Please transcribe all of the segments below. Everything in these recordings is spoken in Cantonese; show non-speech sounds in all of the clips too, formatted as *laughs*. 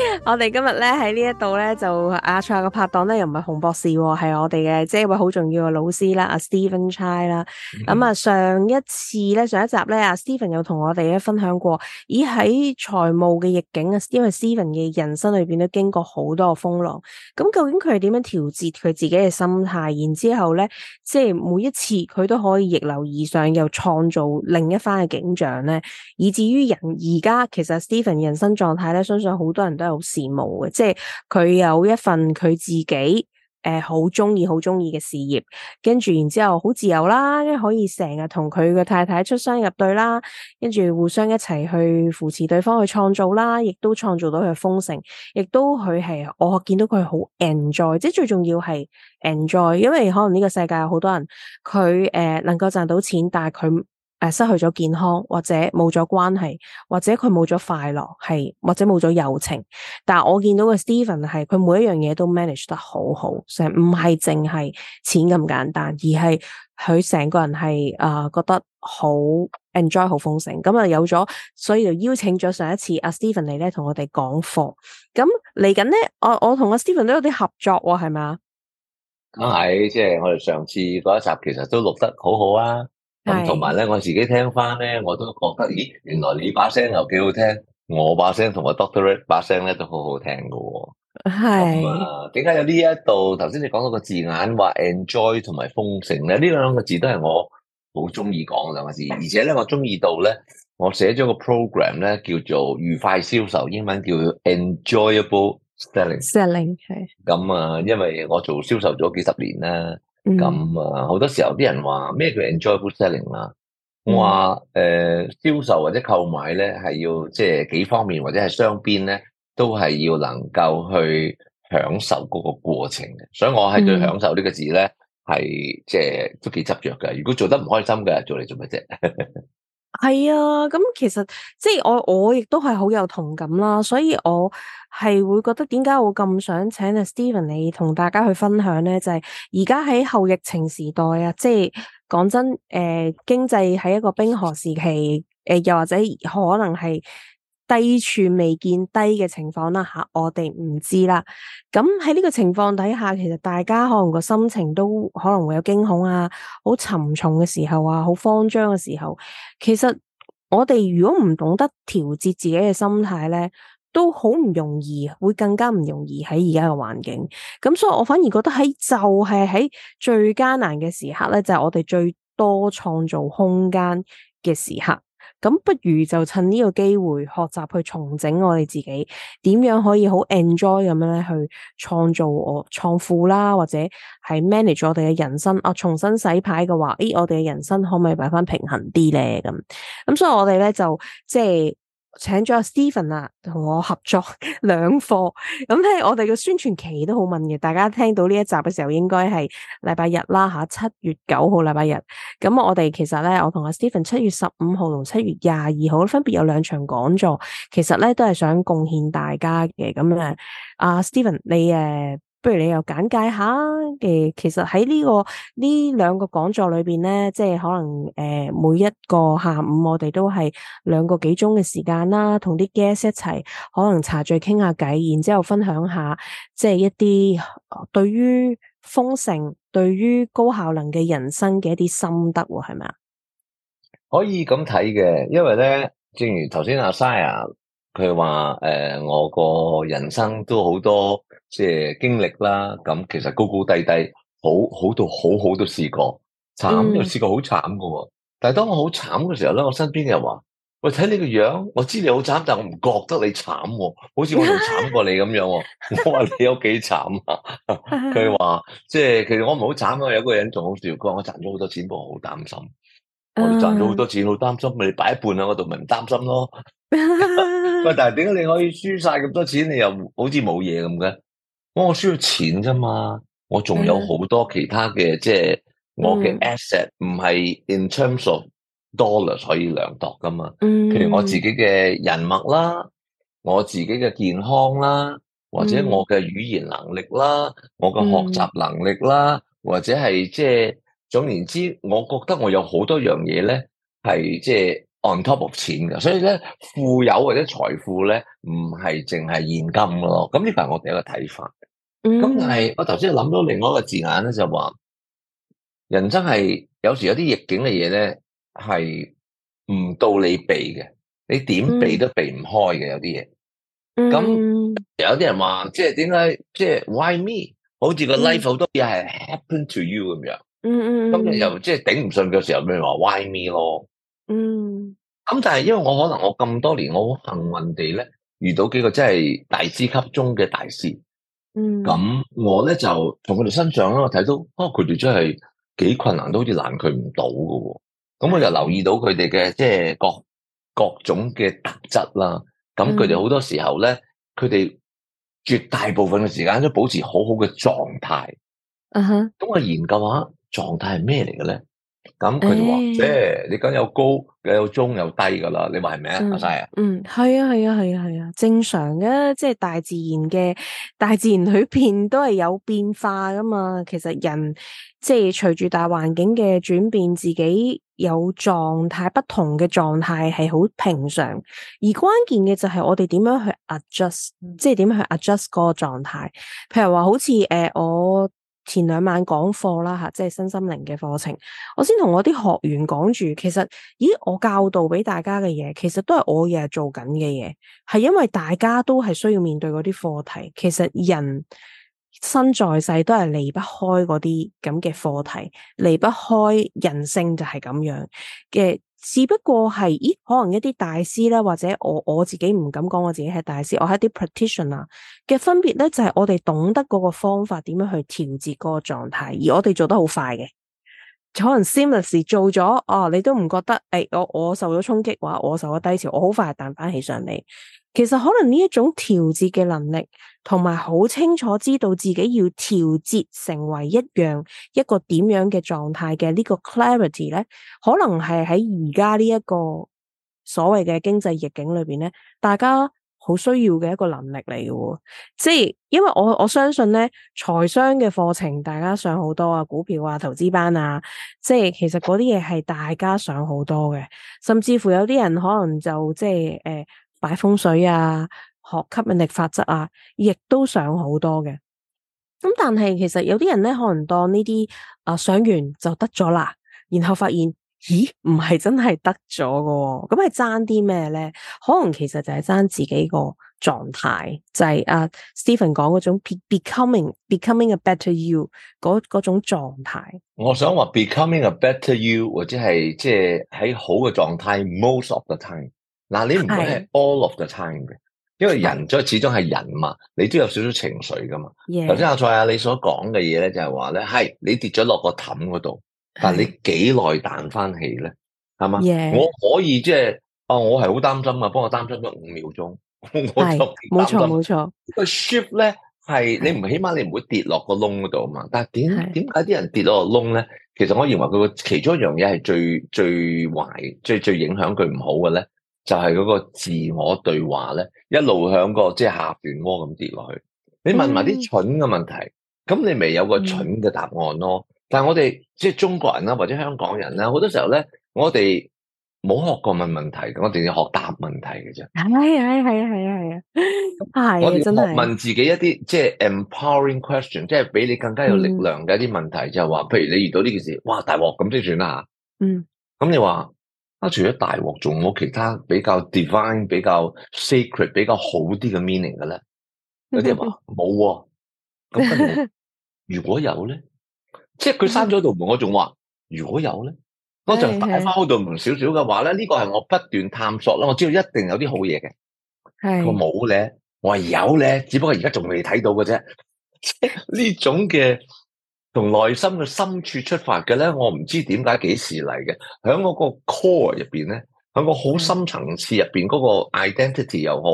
*music* 我哋今日咧喺呢一度咧就亞賽嘅拍檔咧又唔係洪博士，係我哋嘅即係一位好重要嘅老師啦，阿、啊、Stephen Chai 啦。咁、mm hmm. 啊，上一次咧，上一集咧，阿、啊、Stephen 有同我哋咧分享過，咦喺財務嘅逆境啊，因為 Stephen 嘅人生裏邊都經過好多嘅風浪，咁究竟佢係點樣調節佢自己嘅心態？然之後咧，即係每一次佢都可以逆流而上，又創造另一番嘅景象咧，以至於人而家其實 Stephen 人生狀態咧，相信好多人都。做事務嘅，即係佢有一份佢自己誒好中意、好中意嘅事業，跟住然之後好自由啦，可以成日同佢嘅太太出雙入對啦，跟住互相一齊去扶持對方去創造啦，亦都創造到佢嘅豐盛，亦都佢係我見到佢好 enjoy，即係最重要係 enjoy，因為可能呢個世界有好多人，佢誒能夠賺到錢，但係佢。誒，失去咗健康，或者冇咗關係，或者佢冇咗快樂，係或者冇咗友情。但係我見到個 Stephen 係佢每一樣嘢都 manage 得好好，成唔係淨係錢咁簡單，而係佢成個人係誒、呃、覺得好 enjoy 好豐盛。咁啊有咗，所以就邀請咗上一次阿、啊、Stephen 嚟咧同我哋講課。咁嚟緊咧，我我同阿 Stephen 都有啲合作喎、哦，係咪？梗係，即、就、係、是、我哋上次嗰一集其實都錄得好好啊。咁同埋咧，我自己聽翻咧，我都覺得，咦，原來你把聲又幾好聽，我把聲同我 Doctor r e 把聲咧都好好聽噶、哦。係是。咁啊、嗯，點解有呢一度？頭先你講到個字眼，話 enjoy 同埋豐盛咧，呢兩個字都係我好中意講嘅兩個字，而且咧我中意到咧，我寫咗個 program 咧，叫做愉快銷售，英文叫 enjoyable selling。selling 係。咁啊、嗯嗯，因為我做銷售咗幾十年啦。咁啊，好、嗯嗯、多時候啲人話咩叫 enjoyable selling 啦、嗯，話誒銷售或者購買咧係要即係、就是、幾方面或者係雙邊咧，都係要能夠去享受嗰個過程嘅，所以我係對享受個呢個字咧係即係都幾執着嘅。如果做得唔開心嘅，做嚟做乜啫？係 *laughs* 啊，咁其實即係我我亦都係好有同感啦，所以我。係會覺得點解我咁想請阿 Stephen 你同大家去分享呢？就係而家喺後疫情時代啊，即係講真，誒、呃，經濟喺一個冰河時期，誒、呃，又或者可能係低處未見低嘅情況啦吓，我哋唔知啦。咁喺呢個情況底下，其實大家可能個心情都可能會有驚恐啊，好沉重嘅時候啊，好慌張嘅時候。其實我哋如果唔懂得調節自己嘅心態呢。都好唔容易，會更加唔容易喺而家嘅環境。咁所以我反而覺得喺就係喺最艱難嘅時刻咧，就係我哋最多創造空間嘅時刻。咁不如就趁呢個機會學習去重整我哋自己，點樣可以好 enjoy 咁樣咧去創造我創富啦，或者係 manage 我哋嘅人生啊。重新洗牌嘅話，誒，我哋嘅人生可唔可以擺翻平衡啲咧？咁咁所以我哋咧就即係。請咗阿 Steven 啊，同我合作兩課，咁係我哋嘅宣傳期都好長嘅，大家聽到呢一集嘅時候，應該係禮拜日啦吓，啊，七月九號禮拜日，咁我哋其實呢，我同阿 Steven 七月十五號同七月廿二號分別有兩場講座，其實呢，都係想貢獻大家嘅，咁啊，阿 Steven 你，誒。呃不如你又簡介下誒，其實喺呢，這個呢兩個講座裏邊咧，即係可能誒，每一個下午我哋都係兩個幾鐘嘅時間啦，同啲 guest 一齊可能茶聚傾下偈，然之後分享下即係一啲對於豐盛、對於高效能嘅人生嘅一啲心得，係咪啊？可以咁睇嘅，因為咧，正如頭先阿 Saya 佢話誒、呃，我個人生都好多。即係經歷啦，咁其實高高低低，好好到好好都試過，慘又試過好慘噶。但係當我好慘嘅時候咧，我身邊嘅人話：喂，睇你個樣，我知你好慘，但我唔覺得你慘，好似我仲慘過你咁樣。 *laughs* 我話你有幾慘啊？佢 *laughs* 話：即係其實我唔好慘啊，有個人仲好笑佢話我賺咗好多錢，我好擔心，我都賺咗好多錢，好擔心。咪擺、uh, 一半啊，我仲咪唔擔心咯。喂， *laughs* 但係點解你可以輸晒咁多錢，你又好似冇嘢咁嘅？我需要錢啫嘛，我仲有好多其他嘅，的即係我嘅 asset 唔係 in terms of dollar 可以量度噶嘛。嗯、譬如我自己嘅人脈啦，我自己嘅健康啦，或者我嘅語言能力啦，嗯、我嘅學習能力啦，嗯、或者係即係總言之，我覺得我有好多樣嘢咧，係即係 on top of 錢噶。所以咧，富有或者財富咧，唔係淨係現金咯。咁呢個係我哋一個睇法。咁、嗯、但係我頭先諗到另外一個字眼咧，就話人生係有時有啲逆境嘅嘢咧，係唔到你避嘅，你點避都避唔開嘅有啲嘢。咁有啲人話，即係點解？即係 Why me？好似個 life 好多嘢係 happen to you 咁樣嗯。嗯嗯。咁你又即係頂唔順嘅時候，咪話 Why me 咯？嗯。咁、嗯嗯、但係因為我可能我咁多年，我好幸運地咧遇到幾個真係大師級中嘅大師。嗯，咁我咧就從佢哋身上咧，我睇到，哦，佢哋真係幾困難，都好似攔佢唔到嘅。咁我就留意到佢哋嘅，即係各各種嘅特質啦。咁佢哋好多時候咧，佢哋、嗯、絕大部分嘅時間都保持好好嘅狀態。啊哈、uh-huh，咁我研究下狀態係咩嚟嘅咧？咁佢就話，即係你梗有高，又有中，有低噶啦，你話係咪啊，阿 Sir？嗯，係啊，係啊，係啊，係啊，啊，啊，正常嘅，即係大自然嘅大自然裏邊都係有變化噶嘛。其實人即係隨住大環境嘅轉變，自己有狀態不同嘅狀態係好平常。而關鍵嘅就係我哋點樣去 adjust，即係點樣去 adjust 個狀態。譬如話好似誒我。前兩晚講課啦吓，即係身心靈嘅課程。我先同我啲學員講住，其實，咦，我教導俾大家嘅嘢，其實都係我日日做緊嘅嘢，係因為大家都係需要面對嗰啲課題。其實人生在世都係離不開嗰啲咁嘅課題，離不開人性就係咁樣嘅。只不過係咦，可能一啲大師咧，或者我我自己唔敢講，我自己係大師，我係一啲 practitioner，嘅分別咧，就係我哋懂得嗰個方法點樣去調節嗰個狀態，而我哋做得好快嘅。可能 seamlessly 做咗，哦，你都唔覺得，誒、哎，我我受咗衝擊，話我受咗低潮，我好快彈翻起上嚟。其實可能呢一種調節嘅能力，同埋好清楚知道自己要調節成為一樣一個點樣嘅狀態嘅呢個 clarity 咧，可能係喺而家呢一個所謂嘅經濟逆境裏邊咧，大家。好需要嘅一個能力嚟嘅，即係因為我我相信咧，財商嘅課程大家上好多啊，股票啊、投資班啊，即係其實嗰啲嘢係大家上好多嘅，甚至乎有啲人可能就即係誒擺風水啊、學吸引力法則啊，亦都上好多嘅。咁但係其實有啲人咧，可能當呢啲啊上完就得咗啦，然後發現。咦，唔係真係得咗噶、哦，咁係爭啲咩咧？可能其實就係爭自己個狀態，就係阿 Stephen 講嗰種 becoming，becoming a better you 嗰嗰種狀態。我想話 becoming a better you，或者係即係喺好嘅狀態，most of the time。嗱，你唔會係 all of the time 嘅，因為人即係始終係人嘛，你都有少少情緒噶嘛。頭先 Yeah. 阿蔡啊，你所講嘅嘢咧，就係話咧，係你跌咗落個氹嗰度。但你幾耐彈翻起咧？係嘛？Yeah. 我可以即係啊！我係好擔心啊！幫我擔心咗五秒鐘， *laughs* 我就冇錯冇錯。個 shift 咧係你唔的起碼你唔會跌落個窿嗰度嘛？但點點解啲人跌落個窿咧？其實我認為佢個其中一樣嘢係最最壞，即係最，最影響佢唔好嘅咧，就係、是、嗰個自我對話咧，一路響個即係下段窩咁跌落去。你問埋啲蠢嘅問題，咁、嗯、你咪有個蠢嘅答案咯。但係我哋即係中國人啦，或者香港人啦，好多時候咧，我哋冇學過問問題，我哋要學答問題嘅啫。係係係啊係啊係啊，係 *music* *laughs* 我哋真係問自己一啲即係 empowering question，即係俾你更加有力量嘅一啲問題，嗯、就係話，譬如你遇到呢件事，哇大鑊咁即算啦吓。嗯。咁你話啊，除咗大鑊，仲有冇其他比較 divine、比較 secret、比較好啲嘅 meaning 嘅咧？有啲人話冇。咁、啊、不如，如果有咧？ *laughs* 即係佢閂咗道門，嗯、我仲話：如果有咧，嗰陣的打開翻嗰道門少少嘅話咧，呢、這個係我不斷探索啦。我知道一定有啲好嘢嘅。係我冇咧，我話有咧，只不過而家仲未睇到嘅啫。即係呢種嘅，從內心嘅深處出發嘅咧，我唔知點解幾時嚟嘅。喺嗰個 core 入邊咧，喺個好深層次入邊嗰個 identity 又好，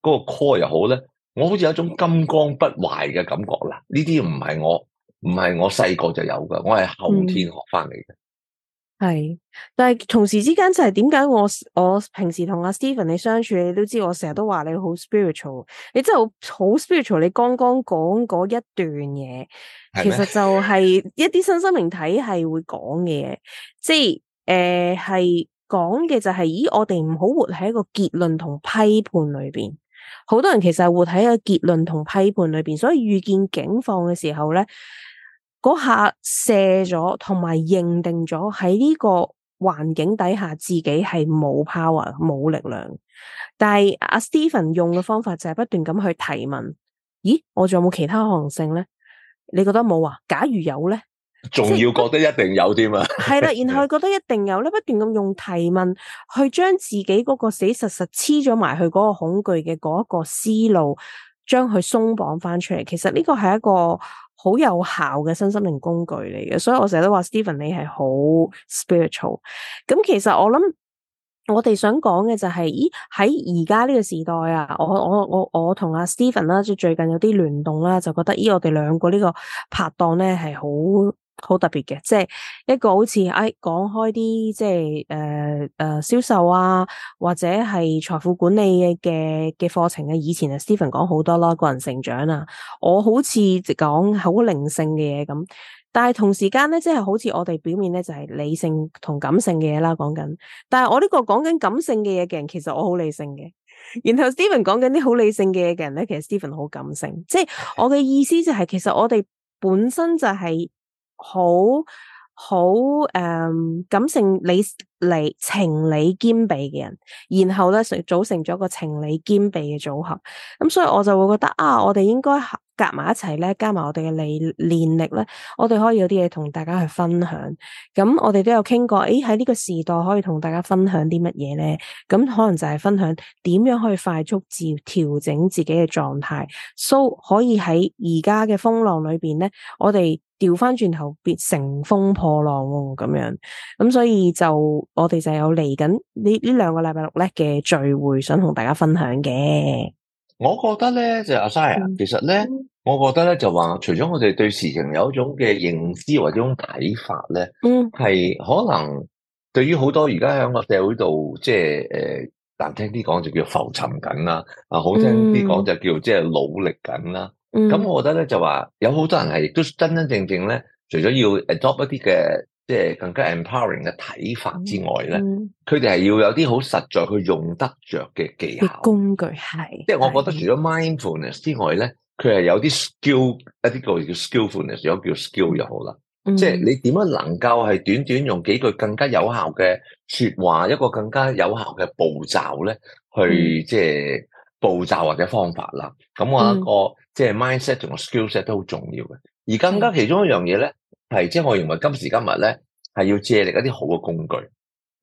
嗰、那個 core 又好咧，我好似有一種金剛不壞嘅感覺啦。呢啲唔係我。唔係，我細個就有噶，我係後天學翻嚟嘅。係、嗯，但係同時之間就係點解我我平時同阿 Stephen 你相處，你都知我成日都話你好 spiritual，你真係好 spiritual。你剛剛講嗰一段嘢，嗎其實就係一啲身心靈體系會講嘅嘢，即係誒係講嘅就係、是呃就是，咦我哋唔好活喺一個結論同批判裏邊，好多人其實係活喺一個結論同批判裏邊，所以遇見境況嘅時候咧。嗰下卸咗，同埋認定咗喺呢個環境底下自己係冇 power、冇力量。但係阿 Stephen 用嘅方法就係不斷咁去提問，咦，我仲有冇其他可能性呢？你覺得冇啊？假如有呢，仲還要，是要覺得一定有添啊？係 *laughs* 啦，然後佢覺得一定有呢，不斷咁用提問去將自己嗰個死實實黐咗埋去嗰個恐懼嘅嗰一個思路，將佢鬆綁翻出嚟。其實呢個係一個。好有效嘅身心靈工具嚟嘅，所以我成日都話 Stephen 你係好 spiritual。咁其實我諗，我哋想講嘅就係、是，咦喺而家呢個時代啊，我我我我同阿 Stephen 啦，即係最近有啲聯動啦，就覺得咦，我哋兩個呢個拍檔咧係好。好特別嘅，即係一個好似誒講開啲即係誒誒銷售啊，或者係財富管理嘅嘅課程啊。以前啊，Stephen 講好多啦，個人成長啊。我好似講好靈性嘅嘢咁，但係同時間咧，即係好似我哋表面咧就係理性同感性嘅嘢啦，講緊。但係我呢個講緊感性嘅嘢嘅人，其實我好理性嘅。然後 Stephen 講緊啲好理性嘅嘢嘅人咧，其實 Stephen 好感性。即係我嘅意思就係，其實我哋本身就係。好好誒、嗯，感性理理情理兼備嘅人，然後咧組成咗一個情理兼備嘅組合，咁所以我就會覺得啊，我哋應該。夾埋一齊咧，加埋我哋嘅理練力咧，我哋可以有啲嘢同大家去分享。咁我哋都有傾過，誒喺呢個時代可以同大家分享啲乜嘢咧？咁可能就係分享點樣可以快速自調整自己嘅狀態，so 可以喺而家嘅風浪裏邊咧，我哋調翻轉頭變乘風破浪咁樣。咁所以就我哋就有嚟緊呢呢兩個禮拜六咧嘅聚會，想同大家分享嘅。我覺得咧就亞賽雅，其實咧，我覺得咧就話，除咗我哋對事情有一種嘅認知或者一種睇法咧，嗯，係可能對於好多而家喺個社會度，即係誒，難聽啲講就叫浮沉緊啦，啊，好聽啲講就叫即係努力緊啦。咁、嗯、我覺得咧就話，有好多人係亦都真真正正咧，除咗要 adopt 一啲嘅。即係更加 empowering 嘅睇法之外咧，佢哋係要有啲好實在去用得着嘅技巧工具係。即係我覺得除咗 mindfulness 之外咧，佢係是有啲 skill 一啲個 sk 叫 skillfulness，如果、嗯、叫 skill 又好啦。嗯、即係你點樣能夠係短短用幾句更加有效嘅説話，一個更加有效嘅步驟咧，去即係步驟或者方法啦。咁、嗯、我覺得即係 mindset 同個 skillset sk 都好重要嘅。而更加其中一樣嘢咧。係，即係我認為今時今日咧，係要借力一啲好嘅工具，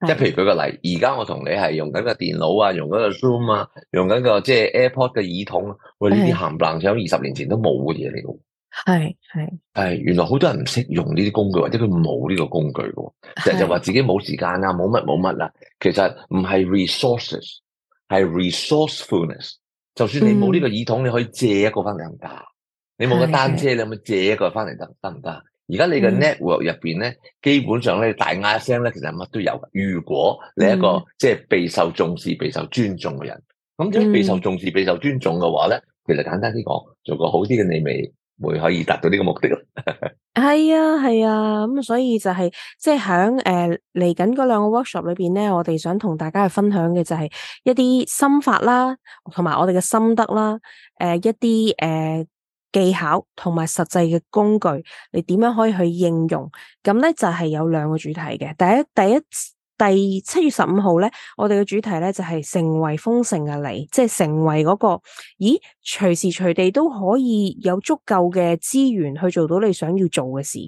即係譬如舉個例，而家我同你係用緊個電腦啊，用緊個 Zoom 啊，用緊個即係 AirPod 嘅耳筒，啊、哎。喂，呢啲冚唪唥想二十年前都冇嘅嘢嚟嘅，係係係，原來好多人唔識用呢啲工具，或者佢冇呢個工具嘅，其實就話自己冇時間啊，冇乜冇乜啦，其實唔係 resources，係 resourcefulness。就算你冇呢個耳筒，你可以借一個翻嚟，得唔得？你冇個單車，你咪借一個翻嚟得，得唔得？行而家你嘅 network 入邊咧，基本上咧大嗌一聲咧，其實乜都有。如果你一個即係備受重視、備受尊重嘅人，咁即係備受重視、備受尊重嘅話咧，其實簡單啲講，做個好啲嘅你，咪會可以達到呢個目的咯。係 *laughs* 啊，係啊，咁所以就係即係響誒嚟緊嗰兩個 workshop 裏邊咧，我哋想同大家去分享嘅就係一啲心法啦，同埋我哋嘅心得啦，誒、呃、一啲誒。呃技巧同埋實際嘅工具，你點樣可以去應用？咁呢就係有兩個主題嘅。第一，第一，第七月十五號呢，我哋嘅主題呢，就係成為豐盛嘅你，即係成為嗰個，咦，隨時隨地都可以有足夠嘅資源去做到你想要做嘅事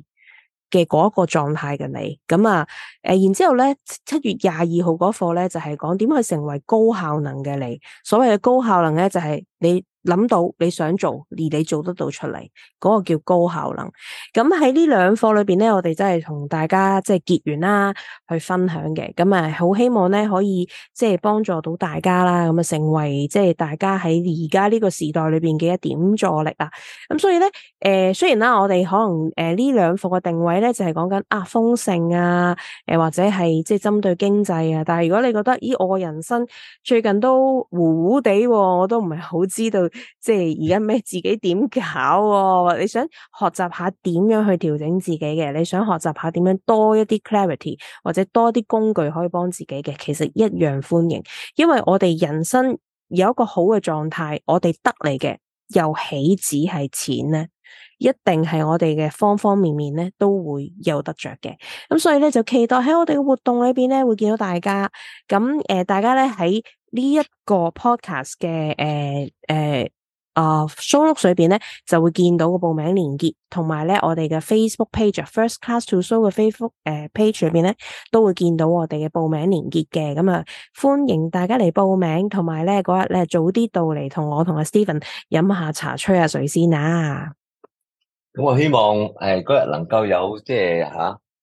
嘅嗰一個狀態嘅你。咁啊，誒，然之後呢，七月廿二號嗰課呢，就係講點去成為高效能嘅你。所謂嘅高效能呢，就係你。諗到你想做而你做得到出嚟，嗰、那個叫高效能。咁喺呢兩課裏邊咧，我哋真係同大家即係結緣啦，去分享嘅。咁啊，好希望咧可以即係幫助到大家啦。咁啊，成為即係大家喺而家呢個時代裏邊嘅一點助力啊。咁所以咧，誒、呃，雖然啦，我哋可能誒呢、呃、兩課嘅定位咧就係講緊啊豐盛啊，誒、啊呃、或者係即係針對經濟啊。但係如果你覺得咦，我個人生最近都糊糊地、啊，我都唔係好知道。即係而家咩？自己點搞、啊？你想學習下點樣去調整自己嘅？你想學習下點樣多一啲 clarity 或者多啲工具可以幫自己嘅？其實一樣歡迎，因為我哋人生有一個好嘅狀態，我哋得嚟，嘅又豈止係錢呢？一定係我哋嘅方方面面呢都會有得着嘅。咁所以咧就期待喺我哋嘅活動裏邊咧會見到大家。咁誒、呃，大家咧喺。呃呃呃、呢一個 podcast 嘅誒誒啊 showroom 裏邊咧，就會見到個報名鏈結，同埋咧我哋嘅 Facebook page First Class to Soul 嘅 Facebook 誒、呃、page 裏邊咧，都會見到我哋嘅報名鏈結嘅。咁啊，歡迎大家嚟報名，同埋咧嗰日咧早啲到嚟，同我同阿 Stephen 飲下茶，吹下水先啊。咁我希望誒嗰日能夠有即係吓。啊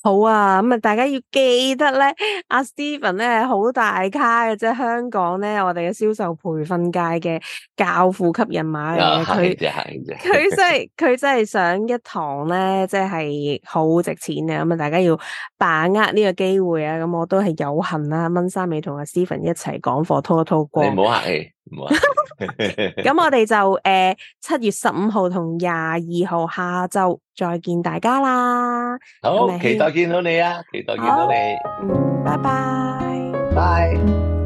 好啊，咁啊，大家要記得咧，阿、啊、Stephen 咧好大咖嘅，即係香港咧，我哋嘅銷售培訓界嘅教父級人馬嚟嘅，佢即係佢真係上一堂咧，即係好值錢嘅，咁啊，大家要把握呢個機會啊，咁我都係有幸啦、啊，蚊三尾同阿、啊、Stephen 一齊講課，叨一叨光，你唔好客氣。咁 *laughs* 我哋就誒呃、七月十五號同廿二號下晝再見大家啦，好、嗯、期待見到你啊，期待見到你，拜拜，拜。